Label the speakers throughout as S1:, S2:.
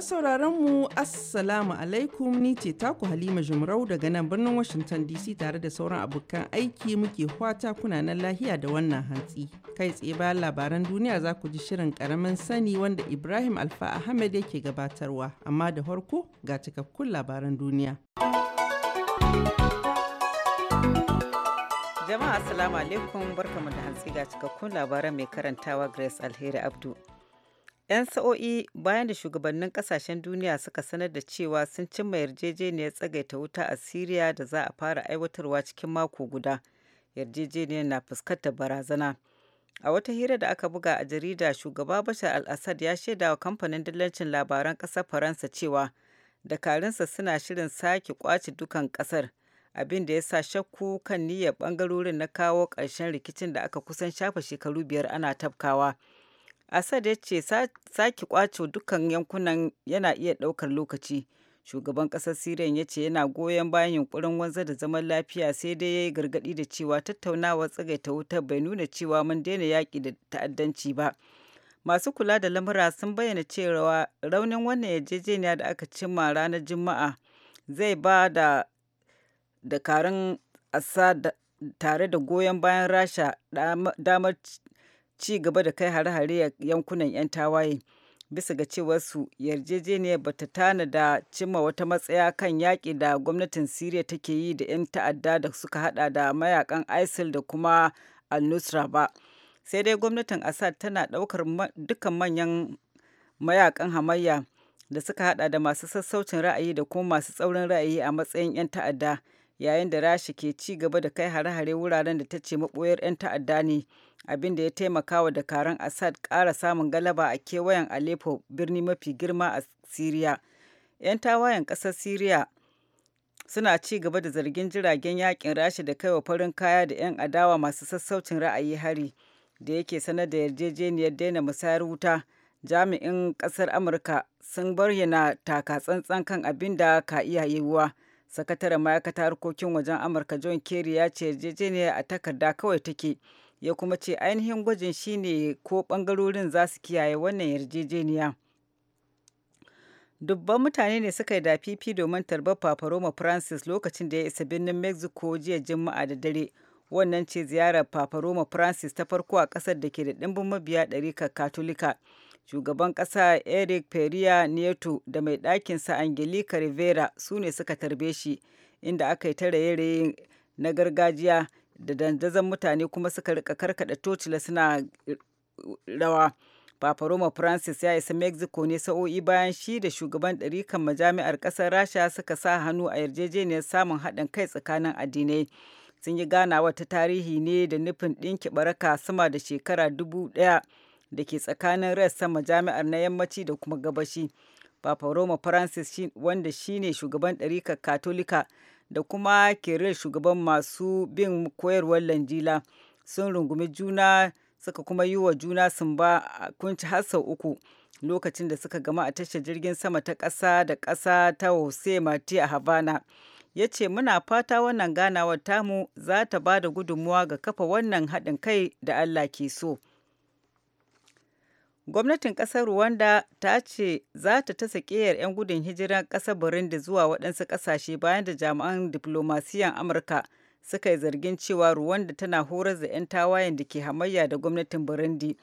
S1: Masu sauraron mu Assalamu alaikum ni ce taku Halima Jumrau daga nan birnin Washington DC tare da sauran abokan aiki muke fata kuna nan lahiya da wannan hantsi. Kai tsaye bayan labaran duniya za ku ji shirin karamin sani wanda Ibrahim Alfa Ahmed yake gabatarwa amma da farko ga cikakkun labaran duniya.
S2: Jama'a Assalamu alaikum barkamu da hantsi ga cikakkun labaran mai karantawa Grace Alheri Abdu. 'yan sa'o'i bayan da shugabannin kasashen duniya suka sanar da cewa sun cimma yarjejeniyar tsagaita wuta a siriya da za a fara aiwatarwa cikin mako guda yarjejeniyar na fuskantar barazana a wata hira da aka buga a jarida shugaba bashar al-assad ya shaida wa kamfanin dillancin labaran ƙasar faransa cewa dakarunsa suna shirin sake kwace dukan ƙasar abin da ya sa shakku kan niyyar bangarorin na kawo ƙarshen rikicin da aka kusan shafa shekaru biyar ana tafkawa Assad ya ce sake kwace dukkan yankunan yana iya ɗaukar lokaci. Shugaban ƙasar siriyan ya ce yana goyon bayan yunkurin wanzar da zaman lafiya sai dai ya yi gargaɗi da cewa tattaunawar tsagaita wutar bai nuna cewa mun daina yaƙi da ta'addanci ba. Masu kula da lamura sun bayyana cewa raunin wannan yarjejeniya da aka cimma ranar Juma'a zai ba da dakarun Assad tare da goyon bayan Rasha damar ci gaba da kai hare-hare a yankunan 'yan tawaye bisa ga cewar su yarjejeniyar ba ta da cimma wata matsaya kan yaƙi da gwamnatin siriya take yi da 'yan ta'adda da suka hada da mayakan isil da kuma al-nusra ba sai dai gwamnatin assad tana ɗaukar dukkan manyan mayakan hamayya da suka hada da masu sassaucin ra'ayi da kuma masu tsaurin ra'ayi a matsayin 'yan ta'adda yayin da rasha ke ci gaba da kai hare-hare wuraren da ta ce maɓoyar 'yan ta'adda ne abin da ya taimaka wa dakaran assad ƙara samun galaba a kewayen aleppo birni mafi girma a syria 'yan tawayen ƙasar syria suna ci gaba da zargin jiragen yakin rasha da kai wa farin kaya da 'yan adawa masu sassaucin ra'ayi hari da yake sanar da yarjejeniyar daina musayar wuta jami'in ƙasar amurka sun bayyana taka tsantsan kan abin da ka iya yiwuwa sakataren ma'aikatar harkokin wajen amurka john kerry ya ce yarjejeniya a takarda kawai take ya kuma ce ainihin gwajin shine ko bangarorin za su kiyaye wannan yarjejeniya dubban mutane ne suka yi dafifi domin tarbar paparoma francis lokacin da ya isa birnin mexico jiya juma'a da dare wannan ce ziyarar paparoma francis ta farko a kasar da ke da ɗimbin mabiya ɗarikar katolika shugaban ƙasa eric peria nieto da mai ɗakinsa angelica rivera su ne suka tarbe shi inda aka yi ta raye-raye na gargajiya da dandazon mutane kuma suka rika karkada tocila suna rawa Papa Francis ya isa Mexico ne sa'o'i bayan shi da shugaban ɗarikan majami'ar ƙasar Rasha suka sa hannu a yarjejeniyar samun haɗin kai tsakanin addinai. Sun yi ganawa ta tarihi ne da nufin ɗinki baraka sama da shekara dubu ɗaya da ke tsakanin sama jami'ar na yammaci da kuma gabashi papa roma francis wanda shine shugaban ɗarikar katolika da kuma kirill shugaban masu bin koyarwar lanjila sun rungumi juna suka kuma yi wa juna sumba kunci har sau uku lokacin da suka gama a tashar jirgin sama ta ƙasa da ƙasa ta Jose Marti a Havana. Ya ce muna fata wannan ganawar tamu za ta ba da gudunmuwa ga kafa wannan haɗin kai da Allah ke so. Gwamnatin ƙasar Rwanda ta ce za ta ta sakiyar 'yan gudun hijirar ƙasar Burundi zuwa waɗansu ƙasashe bayan da jami'an diflomasiyan Amurka suka yi zargin cewa Rwanda tana horar da 'yan tawayen da ke hamayya da gwamnatin Burundi.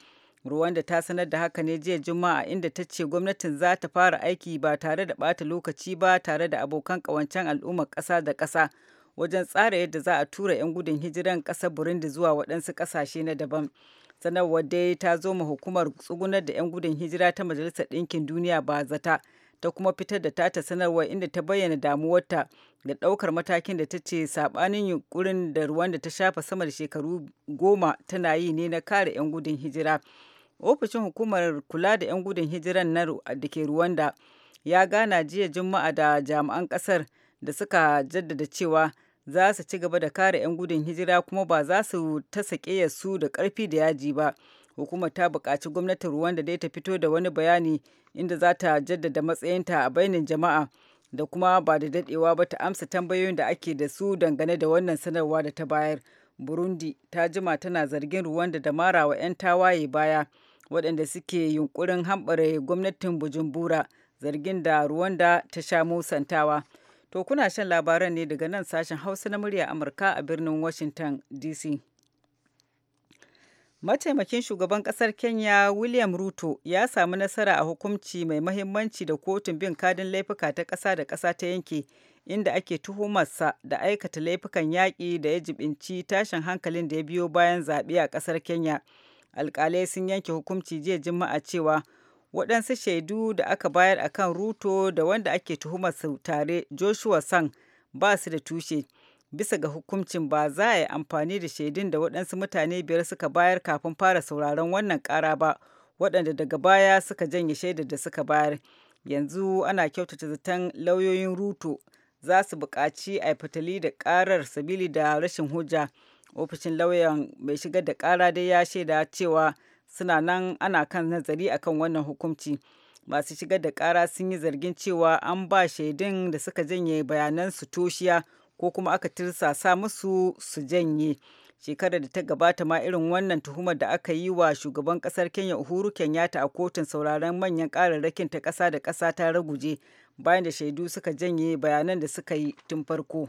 S2: Rwanda ta sanar da haka ne jiya Juma'a inda ta ce gwamnatin za ta fara aiki ba tare da ɓata lokaci ba tare da abokan ƙawancen al'ummar ƙasa da ƙasa wajen tsara yadda za a tura 'yan gudun hijiran ƙasar Burundi zuwa waɗansu ƙasashe na daban. sanarwar dai ta zo ma hukumar tsugunar da 'yan gudun hijira ta majalisar ɗinkin duniya ba zata ta kuma fitar da tata sanarwar inda ta bayyana damuwarta da ɗaukar matakin da ta ce saɓanin yunkurin da ruwan da ta shafa sama da shekaru goma tana yi ne na kare 'yan gudun hijira ofishin hukumar kula da 'yan gudun hijiran na da ke ruwanda ya gana jiya juma'a da jami'an ƙasar da suka jaddada cewa za su ci gaba da kare 'yan gudun hijira kuma ba za su ta sake su da karfi da yaji ba. Hukumar ta buƙaci gwamnatin Rwanda dai ta fito da wani bayani inda za ta jaddada matsayinta a bainin jama'a da kuma ba da daɗewa ba ta amsa tambayoyin da ake da su dangane da wannan sanarwa da ta bayar. Burundi ta jima tana zargin Rwanda da marawa 'yan tawaye baya waɗanda suke yunkurin hambare gwamnatin Bujumbura zargin da ruwan da ta sha musantawa. To kuna shan labaran ne daga nan sashen Hausa na murya Amurka a birnin Washington DC. Mataimakin shugaban ƙasar Kenya William Ruto ya samu nasara a hukumci mai mahimmanci da kotun bin kadin laifuka ta ƙasa da ƙasa ta yanke inda ake tuhumarsa da aikata laifukan yaƙi da ya jibinci tashin hankalin da ya biyo bayan zaɓe a ƙasar Kenya. Alƙalai sun yanke hukumci jiya Juma'a cewa waɗansu shaidu da aka bayar a kan ruto da wanda ake tuhumar su tare joshua san ba su da tushe bisa ga hukuncin ba za a yi amfani da shaidun da waɗansu mutane biyar suka bayar kafin fara sauraron wannan ƙara ba waɗanda daga baya suka janye shaidar da suka bayar yanzu ana kyautata zaton lauyoyin ruto za su buƙaci a fitali da ƙarar sabili da rashin hujja ofishin lauyan mai shigar da ƙara dai ya shaida cewa suna nan ana kan nazari akan wannan hukunci masu shigar da kara sun yi zargin cewa an ba shaidun da suka janye bayanan su toshiya ko kuma aka tirsasa musu su janye shekarar da ta gabata ma irin wannan tuhumar da aka yi wa shugaban kasar kenya uhuru kenyatta a kotun sauraron manyan kararrakin ta kasa da kasa ta raguje bayan da shaidu suka janye bayanan da suka yi tun farko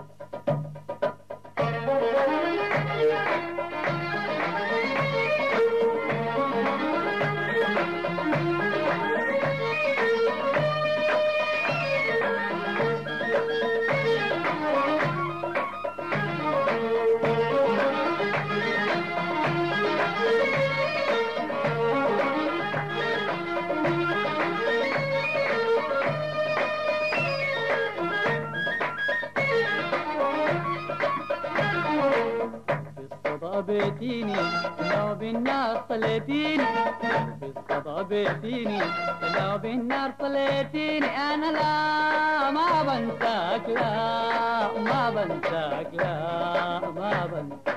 S3: بيتيني لو بالنار طليتيني بالصدى بيتيني لو بالنار طليتيني انا لا ما بنساك لا ما
S4: بنساك لا ما بنساك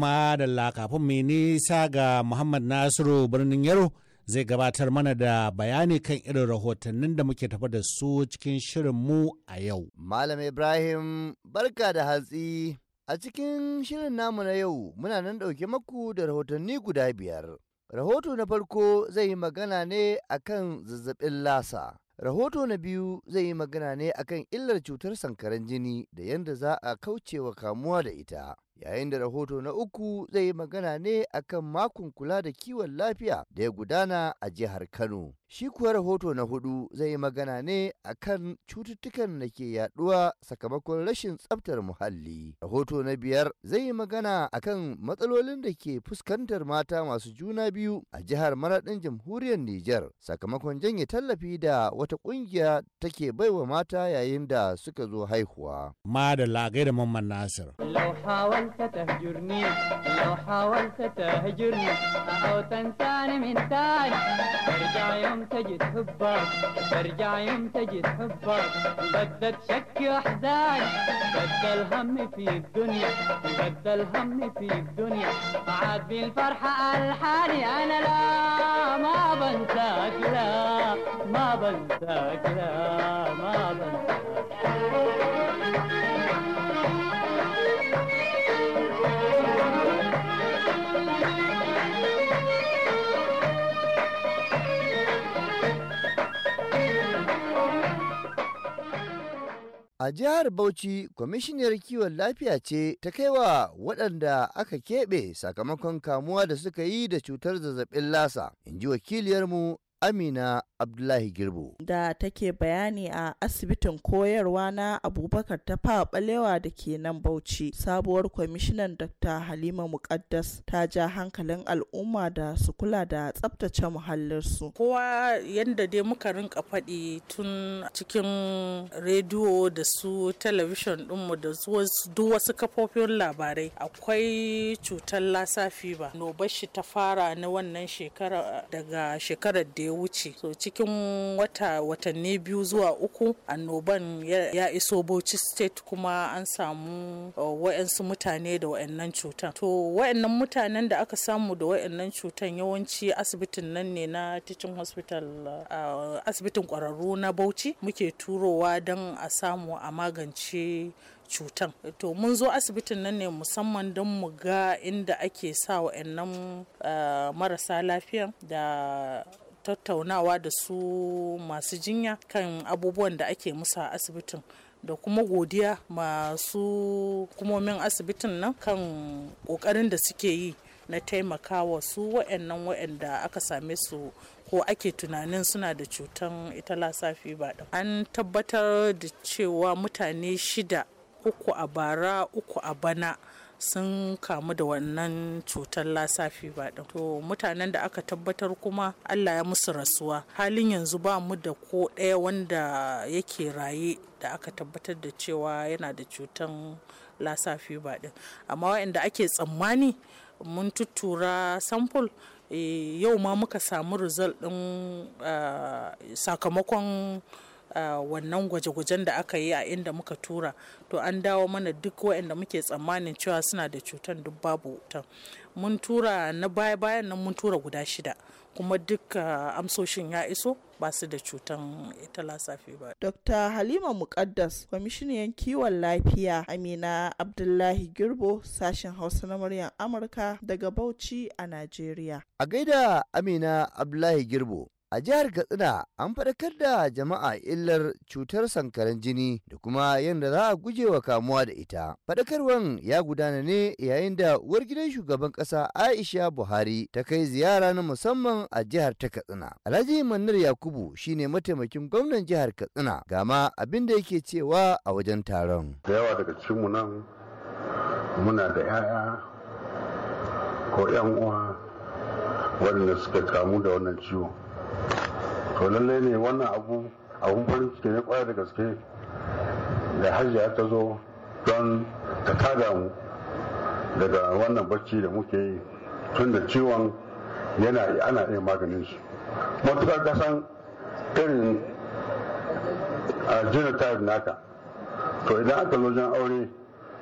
S5: Kuma Dalla, kafin mai nisa ga Muhammad Nasiru birnin Yaro zai gabatar mana da bayani kan irin rahotannin da muke tafa da su cikin shirin mu a yau.
S4: Malam Ibrahim barka da hatsi a cikin shirin namu na yau muna nan ɗauke maku da rahotanni guda biyar. Rahoto na farko zai yi magana ne akan zazzabin lasa. Rahoto na biyu zai yi magana ne akan illar cutar sankaran jini da yadda za a kaucewa kamuwa da ita. yayin da rahoto na uku zai yi magana ne akan makon kula da kiwon lafiya da ya gudana a jihar Kano. Shi kuwa rahoto na hudu zai yi magana ne akan cututtukan da ke yaduwa sakamakon rashin tsabtar muhalli. Rahoto na biyar zai yi magana akan matsalolin da ke fuskantar mata masu juna biyu a jihar Maraɗin Jamhuriyar Nijar sakamakon janye tallafi da wata ƙungiya take baiwa mata yayin da suka zo haihuwa. Ma da lagai da Mamman Nasir. حاولت تهجرني لو حاولت تهجرني أو تنساني من تاني ترجع يوم تجد حبك ترجع يوم تجد حبك بدت شكي وأحزاني
S3: بدل الهم في الدنيا بدل الهم في الدنيا عاد بالفرحة ألحاني أنا لا ما بنساك لا
S4: ما بنساك لا ما بنساك A jihar Bauchi, kwamishiniyar kiwon lafiya ce ta kai wa waɗanda aka keɓe sakamakon kamuwa da suka yi da cutar zazzabin lasa, in ji wakiliyarmu Amina Abdullahi Girbo.
S3: Da take bayani a asibitin koyarwa na Abubakar ta fa balewa da ke nan Bauchi. Sabuwar kwamishinan Dr. Halima Muqaddas ta ja hankalin al'umma da su kula da tsabtace muhallinsu. Kowa yadda dai muka rinka faɗi tun cikin rediyo da su talabishin ɗinmu da duk wasu kafofin labarai akwai cutar lasafi ba. Nobar shi ta fara na wannan shekara daga shekarar da ya wuce so cikin wata watanni biyu zuwa uku annoban ya iso Bauchi state kuma an samu uh, wa'yansu mutane da wa'yannan cutan to wa'yannan mutanen da aka samu da wa'yannan cutan yawanci asibitin nan ne na teaching hospital uh, asibitin kwararru na Bauchi muke turowa don a samu a magance cutan to mun zo asibitin nan ne musamman don mu ga inda ake sa wa'annan uh, marasa lafiya da tattaunawa da su masu jinya kan abubuwan da ake musu a asibitin da kuma godiya masu hukumomin asibitin nan kan kokarin da suke yi na taimakawa su wa'annan wa'anda aka same su ko ake tunanin suna da cutan ita lasafi da an tabbatar da cewa mutane shida uku a bara uku a bana sun kamu da wannan cutar lasafi fever din to mutanen da aka tabbatar kuma allah ya musu rasuwa halin yanzu ba mu da ko ɗaya wanda yake raye da aka tabbatar da cewa yana da cutar lasafi fever amma waɗanda ake tsammani mun tuttura sample eh, yau ma muka samu result din ah, sakamakon wannan gwaje-gwajen da aka yi a inda muka tura to an dawo mana duk waɗanda muke tsammanin cewa suna da cutar duk babu wutan mun tura na baya-bayan nan mun tura guda shida kuma duk amsoshin ya iso ba su da cutan ita lasafi ba. Dr. Halima Mukaddas, kwamishiniyan kiwon lafiya Amina Abdullahi Girbo, sashen Hausa na muryar Amurka daga Bauchi a Najeriya.
S4: A gaida Amina Abdullahi Girbo, A jihar Katsina an faɗakar da jama'a illar cutar sankaran jini da kuma yadda za a guje wa kamuwa da ita. Faɗakarwan ya gudana ne yayin da uwar gidan shugaban ƙasa Aisha Buhari ta kai ziyara na musamman a jihar ta Katsina. Alhaji Mannar Yakubu shine mataimakin gwamnan jihar Katsina gama ma abin da yake cewa a wajen taron. Da yawa daga cikinmu nan muna da 'ya'ya ko 'yan
S5: uwa waɗanda suka kamu da wannan ciwo. to lallai ne wannan abu abun farin ciki ne kwaya da gaske da hajiya ta zo don ta kada mu daga wannan bacci da muke yi tun da ciwon yana ana iya maganin shi matukar kasan irin a genotype naka to idan aka lojin aure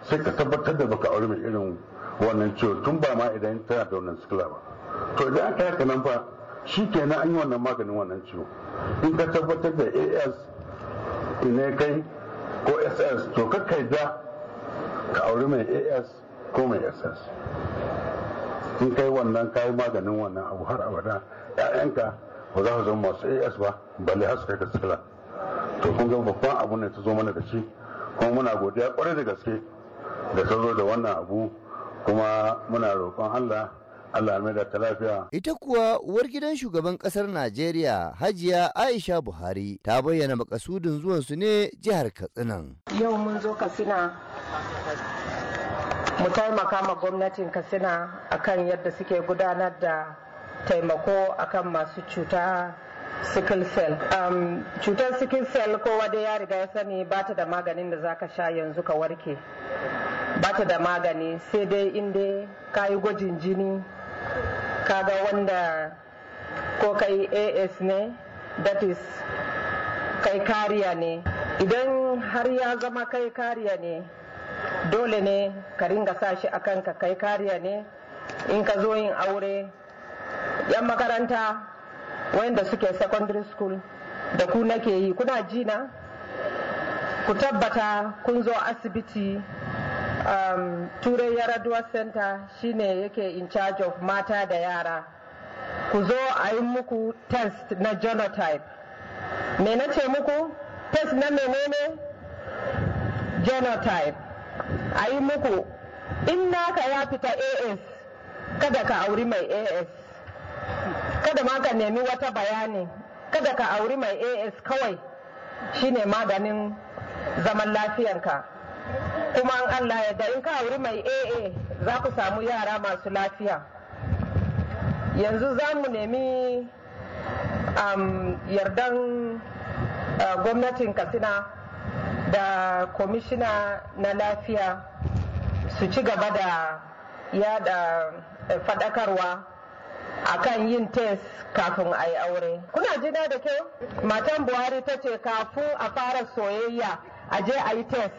S5: sai ka tabbatar da baka aure mai irin wannan ciwon, tun ba ma idan tana da wannan sikila ba to idan aka yaka nan fa shi kenan an yi wannan maganin wannan ciwo in ka tabbatar da as ne kai ko ss to kakai da ka auri mai as ko mai ss in kai wannan kayi maganin wannan abu har abada ya'yanka ba za su zama masu as ba balle har su kai kasila to kun gama babban abu ne ta zo mana da shi kuma muna godiya kwarai da gaske da ta zo da wannan abu kuma muna roƙon allah Allah ya da
S4: Ita kuwa uwar gidan shugaban kasar Najeriya Hajiya Aisha Buhari ta bayyana makasudin zuwan su ne jihar Katsina.
S6: Yau mun zo Katsina mu taimaka ma gwamnatin Katsina akan yadda suke gudanar da taimako akan masu cuta sickle cell. Um, cutar sickle cell kowa dai ya riga ya sani ba ta da maganin da zaka sha yanzu ka warke. Ba ta da magani sai dai inda ka yi gwajin jini kaga wanda ko kai as ne that is kai kariya ne idan har ya zama kai kariya ne dole ne ka ringa sashi a kanka kai kariya ne in ka zo yin aure yan makaranta wanda suke secondary school da ku nake yi kuna jina ku tabbata kun zo asibiti um, turai yaraduwa center shine yake in charge of mata da yara ku zo a yi muku test na genotype me na ce muku test na menene genotype a yi muku in naka ya fita as kada ka auri mai as kada ma ka nemi wata bayani kada ka auri mai as kawai shine maganin zaman lafiyanka kuma an allah ya in ka wuri mai aa za ku samu yara masu lafiya yanzu za mu nemi um, yardan uh, gwamnatin katsina da kwamishina na lafiya su ci gaba da yada uh, fadakarwa akan yin tes kafin a yi aure kuna jina da kyau matan buhari ta ce kafin a fara soyayya a je a yi test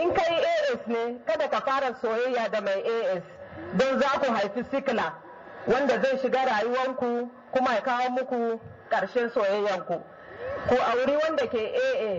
S6: in kai as ne kada ka fara soyayya da mai as don za ku haifi sikila wanda zai shiga rayuwanku kuma ya kawo muku ƙarshen soyayyanku ku auri wanda ke aa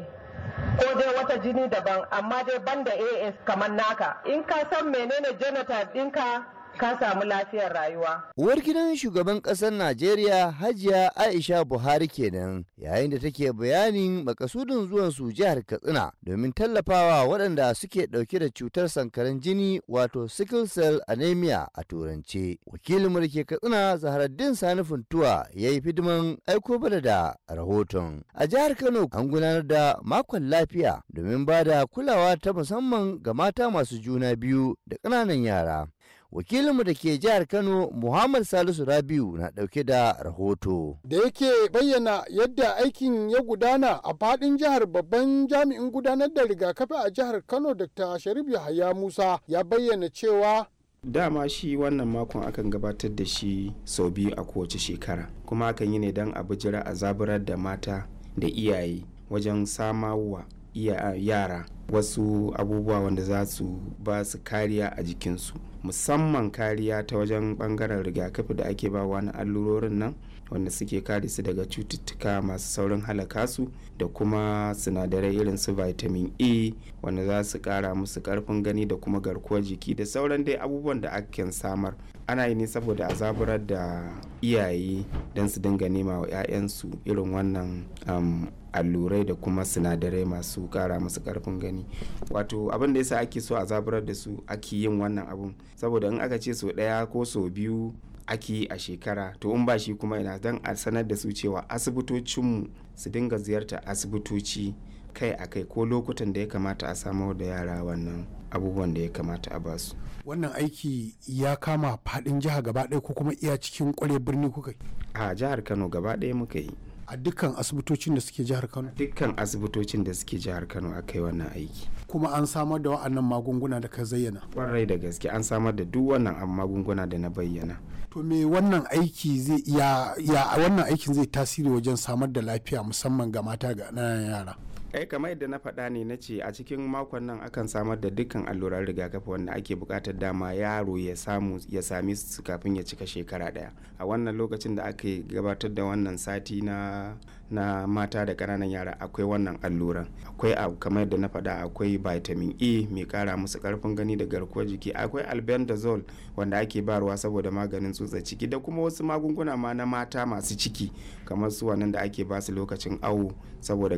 S6: ko dai wata jini daban amma dai banda as kamar naka in ka san menene genotype ɗinka ka samu lafiyar rayuwa.
S4: Uwar gidan shugaban ƙasar Najeriya Hajiya Aisha Buhari kenan yayin da take bayanin makasudin zuwan su jihar Katsina domin tallafawa waɗanda suke ɗauke da cutar sankaran jini wato sickle cell anemia a turance. Wakilin mulki Katsina Zaharaddin Sani Funtuwa ya yi fidiman aiko bada da rahoton. A jihar Kano an gudanar da makon lafiya domin ba da kulawa ta musamman ga mata masu juna biyu da ƙananan yara. wakilinmu da ke jihar kano muhammad salisu rabiu na dauke da rahoto da yake bayyana yadda aikin
S5: ya gudana a fadin jihar babban jami'in gudanar da rigakafi a jihar kano dr sharif yahaya musa ya bayyana cewa
S7: dama shi wannan makon akan gabatar da shi sau biyu a kowace shekara kuma akan yi ne don a jira a zaburar da mata da iyaye wajen samawa yara wasu abubuwa wanda za su ba su kariya a jikinsu musamman kariya ta wajen bangaren rigakafi da ake bawa na allurorin nan wanda suke kare su daga cututtuka masu saurin halaka su da kuma sinadarai irin su vitamin e wanda za su kara musu karfin gani da kuma garkuwar jiki da sauran dai abubuwan da ake samar ana yi ne saboda a zaburar da iyaye don su dinga nema wa 'ya'yansu irin wannan um, allurai da kuma sinadarai masu kara masu karfin gani wato abin da yasa ake so a zaburar da su ake yin wannan abun saboda in aka ce so ɗaya ko so biyu ake yi a shekara to in ba shi kuma ina don a sanar da su cewa asibitocinmu su dinga ziyarta asibitoci kai a kai ko lokutan da ya kamata a samar da yara wannan abubuwan da ya kamata a basu.
S5: wannan aiki ya kama faɗin jiha gaba ɗaya
S7: ko kuma iya cikin kware birni kuka yi a jihar kano gaba ɗaya muka yi a dukkan asibitocin da suke jihar kano dukkan asibitocin da suke jihar kano a kai wannan aiki kuma an samar da wa'annan magunguna da ka zayyana kwarai da gaske an samar da duk wannan magunguna da na bayyana
S5: to me wannan aiki zai ya wannan aikin zai tasiri wajen samar da lafiya musamman ga mata ga
S7: yara kai eh, kamar yadda na faɗa ne na ce a cikin makon nan akan samar da dukkan alluran rigakafi wanda ake buƙatar dama yaro ya samu ya sami su kafin ya cika shekara ɗaya a wannan lokacin da aka gabatar da wannan sati na na mata da ƙananan yara akwai wannan alluran akwai abu kamar yadda na faɗa akwai vitamin e mai ƙara musu ƙarfin gani da garkuwar jiki akwai albendazole wanda ake barwa saboda maganin tsutsa ciki da kuma wasu magunguna ma na mata masu ciki kamar su wannan da ake basu lokacin awo saboda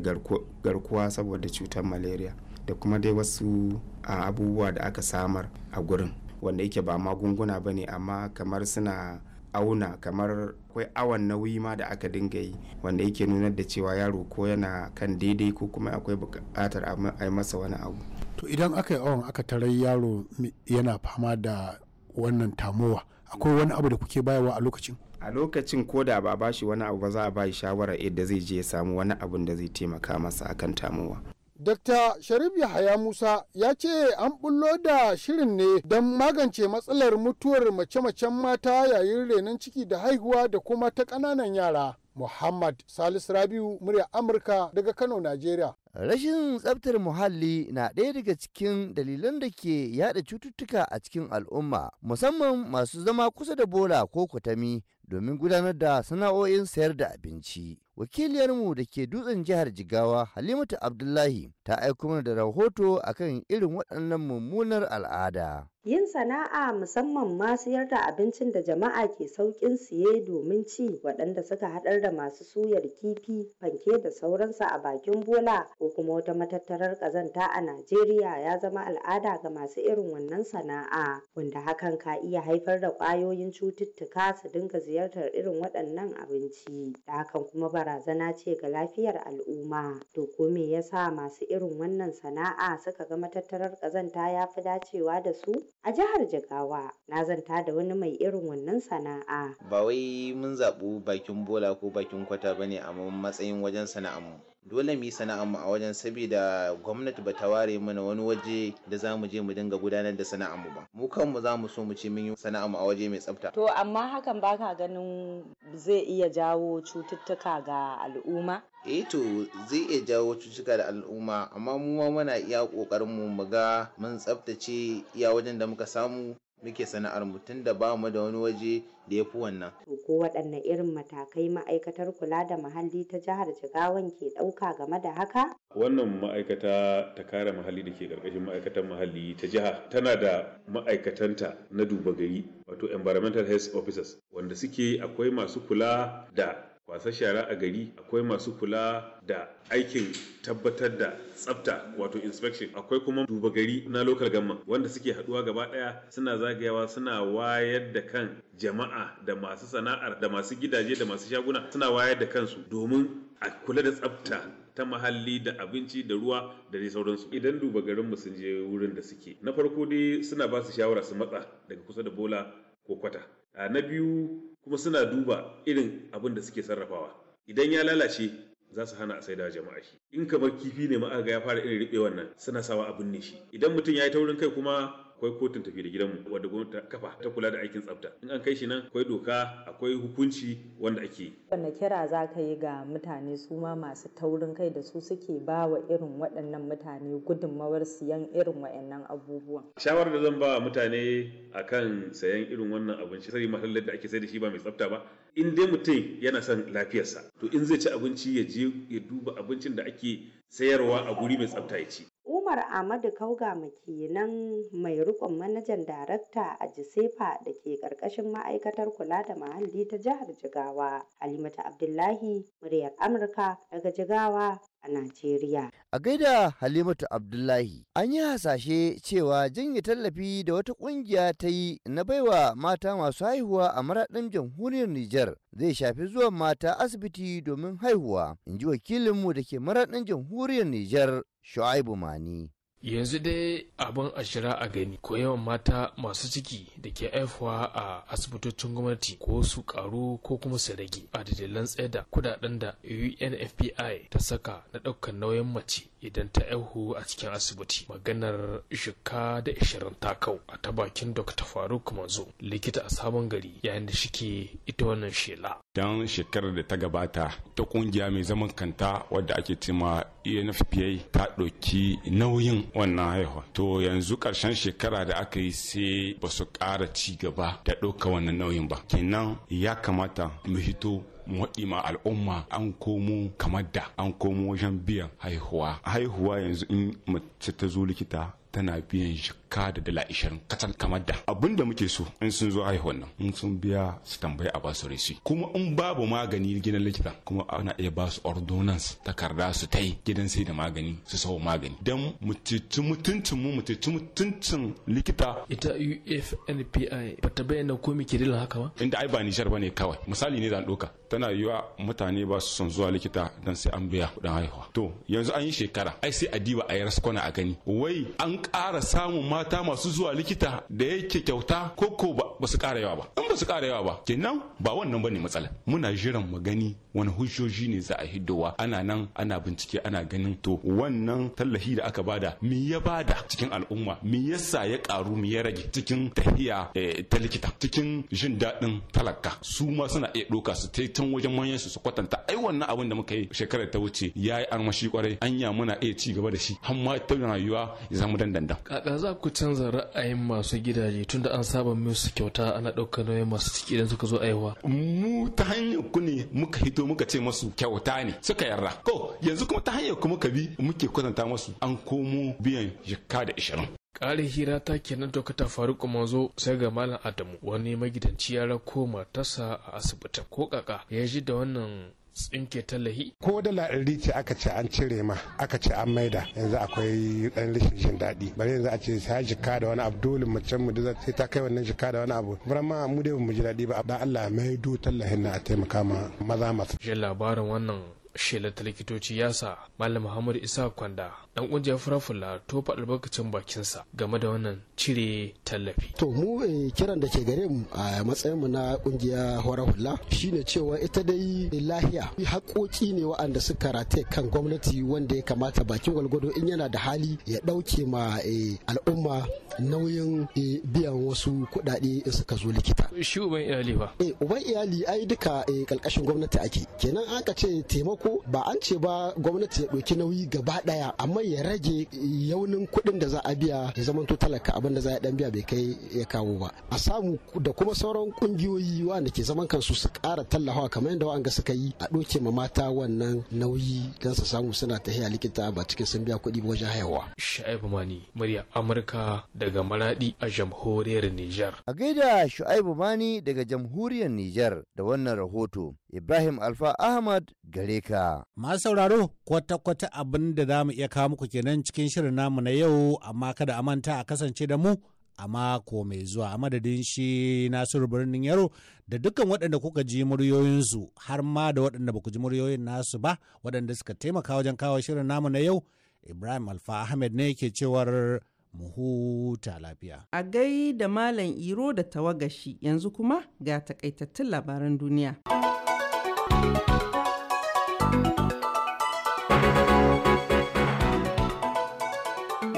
S7: garkuwa saboda cutar malaria da kuma dai wasu abubuwa da aka samar a gurin wanda yake ba magunguna ba ne amma kamar suna auna kamar akwai awan nauyi ma da aka dinga yi wanda yake nunar da cewa yaro ko yana kan daidai ko kuma akwai bukatar a masa wani abu
S5: to idan aka yi awon aka tarai yaro yana fama da wannan tamowa akwai wani abu da kuke bayarwa a lokacin
S7: a lokacin ko da ba a bashi wani abu ba za a bayi shawara yadda zai je ya samu wani abun da zai taimaka masa akan tamowa
S5: Dr. Sharif Yahaya Musa ya ce an bullo da shirin ne don magance matsalar mutuwar mace-macen mata yayin renon ciki da haihuwa da kuma ta ƙananan yara. Muhammad Salisu Rabiu murya
S4: Amurka daga Kano, Najeriya. Rashin tsabtar muhalli na ɗaya daga cikin dalilan da ke yada cututtuka a cikin al'umma, musamman masu zama kusa da bola ko kutami domin gudanar da sana'o'in sayar da abinci. wakiliyarmu da ke dutsen jihar jigawa halimatu abdullahi ta aiko mana da rahoto akan irin waɗannan mummunar al'ada
S8: Yin sana'a, musamman ma siyar da abincin da jama'a ke sauƙin siye domin ci waɗanda suka haɗar da masu suyar kifi, fanke da sauransu a bakin bola ko kuma wata matattarar ƙazanta a Najeriya ya zama al'ada ga masu irin wannan sana'a, wanda hakan ka iya haifar da ƙwayoyin cututtuka su dinga ziyartar irin waɗannan abinci da hakan kuma barazana ce ga lafiyar al'umma. To ko me yasa masu irin wannan sana'a suka ga matattarar ƙazanta ya fi dacewa da su? A jihar Jigawa na zanta da wani mai irin wannan sana'a.
S7: Ba wai mun zaɓi bakin bola ko bakin kwata ba ne a matsayin wajen sana'armu. dole mu yi sana'ar mu a wajen saboda gwamnati ba ta ware mana wani waje da za mu je mu dinga gudanar da sana'ar mu ba mu kanmu za mu so mu ci mun yi sana'ar a waje mai tsafta
S8: to amma hakan ba ka ganin zai iya jawo cututtuka ga al'umma eh
S7: to zai iya jawo cututtuka da al'umma amma mu ma muna iya kokarin mu mu ga mun tsaftace iya wajen da muka samu muke sana'ar mu da ba mu da wani waje da
S9: ya fi wannan.
S8: Ko waɗanne irin matakai ma'aikatar kula da muhalli ta jihar Jigawan ke ɗauka game da haka?
S9: Wannan ma'aikata ta kare muhalli da ke ƙarƙashin ma'aikatan muhalli ta jiha tana da ma'aikatanta na duba gari wato environmental health officers wanda suke akwai masu kula da kwasa shara a gari akwai masu kula da aikin tabbatar da tsafta wato inspection akwai kuma duba gari na local gamma wanda suke haduwa gaba daya suna zagayawa suna wayar da kan jama'a da masu sana'ar da masu gidaje da masu shaguna suna wayar da kansu domin a kula da tsabta ta mahalli da abinci da ruwa da dai sauransu idan duba garinmu sun je wurin da suke na farko dai suna ba su shawara su matsa daga kusa da bola ko kwata ah, na biyu kuma suna duba irin abin da suke sarrafawa idan ya lalace za su hana a saida jama'a shi in kamar kifi ne ma aka ga ya fara irin riɓe wannan suna sawa abin ne shi idan mutum ya yi taurin kai kuma akwai kotun tafi da gidanmu wadda gwamnati ta kafa ta kula da aikin tsafta in an kai shi nan akwai doka akwai hukunci wanda ake
S8: yi kira za ka yi ga mutane su ma masu taurin kai da su suke ba wa irin waɗannan mutane gudunmawar siyan irin waɗannan abubuwan
S9: shawarar da zan ba wa mutane akan sayan irin wannan abinci sai mahallar da ake sai da shi ba mai tsafta ba in dai mutum yana son lafiyarsa to in zai ci abinci ya je ya duba abincin da ake sayarwa a guri mai tsafta ya ci
S8: Umar Ahmadu Kaugama kenan mai riƙon manajan darakta a Jisefa da ke ƙarƙashin ma'aikatar kula da muhalli ta jihar Jigawa. Halimatu Abdullahi, muryar Amurka daga Jigawa a Najeriya.
S4: A gaida Halimatu Abdullahi, an yi hasashe cewa janye tallafi da wata ƙungiya ta yi na baiwa mata masu haihuwa a maraɗin jamhuriyar Nijar zai shafi zuwa mata asibiti domin haihuwa, in ji wakilinmu da ke maraɗin jamhuriyar Nijar Shu'aibu Mani.
S10: yanzu dai abin ashira a gani ko yawan mata masu ciki da ke haifuwa a asibitocin gwamnati ko su karu ko kuma su rage a dalilan tsaye da kudaden da unfpi ta saka na daukan nauyin mace idan ta aihu a cikin asibiti maganar shika da ishirin ta kau a ta bakin dr faruk manzo likita a sabon gari yayin da shike ita wannan shela
S11: dan shekarar da ta gabata ta kungiya mai zaman kanta wadda ake cema enfpa ta ɗauki nauyin wannan haihuwa to yanzu ƙarshen shekara da aka yi sai ba su ƙara ci gaba da ɗauka wannan nauyin ba kenan ya kamata mu hito mu ma al'umma an komo kamar da an komo wajen biyan haihuwa haihuwa yanzu in mace ta zo likita tana biyan jika da dala ishirin kasar kamar da abin da muke so in sun zo haihuwan nan in sun biya su tambayi a basu resi kuma in babu magani gidan likita kuma ana iya basu ordonance takarda su ta yi gidan sai da magani su sau magani dan mutunci mutuncin mu mutunci mutuncin likita
S10: ita UFNPI bata bayyana ko me dalilin haka ba
S11: inda ai ba nishar ne kawai misali ne zan doka tana yiwa mutane ba su son zuwa likita don sai an biya kudin haihuwa to yanzu an yi shekara ai sai a diba a yi a gani wai an kara samun mata masu zuwa likita da yake kyauta ko ko ba su ƙara yawa ba in ba su ƙara yawa ba kenan ba wannan bane matsala muna jiran magani wani hujjoji ne za a hiddowa ana nan ana bincike ana ganin to wannan tallafi da aka bada me ya bada cikin al'umma me yasa ya karu me ya rage cikin tahiya eh, ta likita cikin jin daɗin talaka su ma suna iya doka su ta tan wajen manyan su su kwatanta ai wannan abin da muka yi shekarar ta wuce yayi armashi kwarai anya muna iya ci gaba da shi har ma ta rayuwa ya zama
S10: Kaka za ku canza ra'ayin masu gidaje tunda an saba musu kyauta ana ɗaukar nauyin masu ciki idan suka zo aiwa.
S11: Mu ta hanyar ku ne muka hito muka ce masu kyauta ne suka yarda. Ko yanzu kuma ta hanyar ku muka bi muke kwatanta masu an komo biyan jikka da ishirin.
S10: Ƙarin hira ta kenan dokata kuma zo sai ga Malam Adamu wani magidanci ya rako matarsa a asibiti ko kaka ya ji da wannan tsinke tallahi
S11: ko da la'irri ce aka ce an cire ma aka ce an maida yanzu akwai dan rashin jin daɗi bari yanzu a ce sai jika da wani abu dole mace mu da sai ta kai wannan jika da wani abu ma mu dai mu ji daɗi ba dan Allah
S5: maido tallahin na a taimaka ma
S10: maza masu jin labarin wannan shela ta likitoci sa malam Muhammad Isa Kwanda dan kungiyar furafula tofa albarkacin bakinsa game da wannan cire tallafi.
S5: To mu eh, kiran da ke gare mu a matsayin mu na kungiya hula shine cewa ita dai
S7: lahiya haƙoƙi ne wa'anda suka rataye kan gwamnati wanda ya kamata bakin gwalgwado in yana da hali ya ɗauke ma eh, al'umma nauyin eh, biyan wasu kuɗaɗe in suka zo likita.
S10: Shi uban iyali ba. Eh
S7: uban iyali ai duka ƙarƙashin gwamnati ake. Kenan aka ce taimako ba an ce ba gwamnati ya ɗauki nauyi gaba ɗaya amma ya rage yaunin kuɗin da za a biya ya zama to talaka abin da za a dan biya bai kai ya kawo ba a samu da kuma sauran kungiyoyi wanda ke zaman kansu su ƙara tallafawa kamar yadda wa'anga suka yi a ɗauke ma mata wannan nauyi don
S4: su samu suna ta tahiya likita ba cikin sun biya kuɗi wajen haihuwa.
S10: Shu'aibu Mani murya Amurka daga Maradi a jamhuriyar Nijar.
S4: A gaida Shu'aibu Mani daga jamhuriyar Nijar da wannan rahoto. Ibrahim Alfa Ahmad gare ka. Masu sauraro
S5: kwata-kwata abin da za mu iya kawo muku kenan cikin shirin namu na yau amma kada a manta a kasance da mu a mako mai zuwa a madadin shi nasiru birnin yaro da dukkan waɗanda kuka ji muryoyinsu har ma da waɗanda ba ku ji muryoyin nasu ba waɗanda suka taimaka
S1: wajen kawo shirin namu na yau ibrahim alfa ahmed ne ke cewar mu huta lafiya a gai da malam iro da tawagashi yanzu kuma ga takaitattun labaran duniya.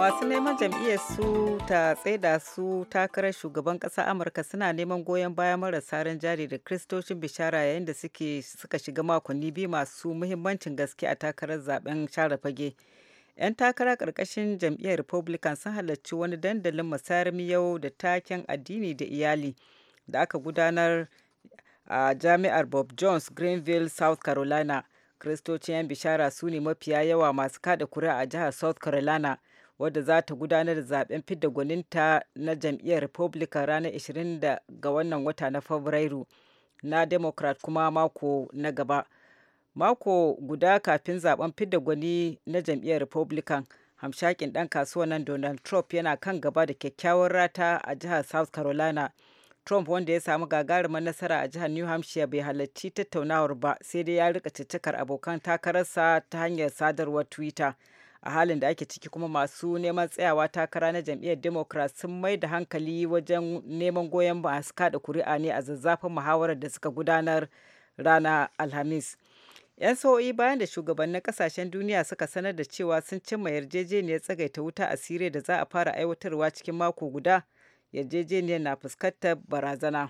S2: masu neman jam'iyyar su ta tsaida su takarar shugaban kasa amurka suna neman goyon baya marasa ran jari da kristocin bishara yayin da suke suka shiga makonni biyu masu muhimmancin gaske a takarar zaben share fage 'yan takara karkashin jam'iyyar republican sun halarci wani dandalin masarmi yau da taken addini da iyali da aka gudanar a jami'ar bob jones greenville south carolina kristocin 'yan bishara su ne mafiya yawa masu kada kuri'a a jihar south carolina wadda za ta gudanar da zaben fidda gwaninta na jam'iyyar republican ranar 20 ga wannan wata na fabrairu na democrat kuma mako na gaba mako guda kafin zaben fidda gwani na jam'iyyar republican hamshakin dan kasuwa nan donald trump yana kan gaba da kyakkyawar rata a jihar south carolina Trump wanda ya samu gagarumar nasara a jihar New Hampshire bai halarci tattaunawar ba sai dai ya rika cikakar abokan takararsa ta hanyar sadarwar Twitter. a halin da ake ciki kuma masu neman tsayawa takara na jam'iyyar democrat sun mai da hankali wajen neman goyon masu kada kuri'a ne a zazzafin muhawarar da suka gudanar rana alhamis yan sa'o'i bayan da shugabannin kasashen duniya suka sanar da cewa sun cimma yarjejeniyar tsagaita wuta a siriya da za a fara aiwatarwa cikin mako guda yarjejeniyar na fuskantar barazana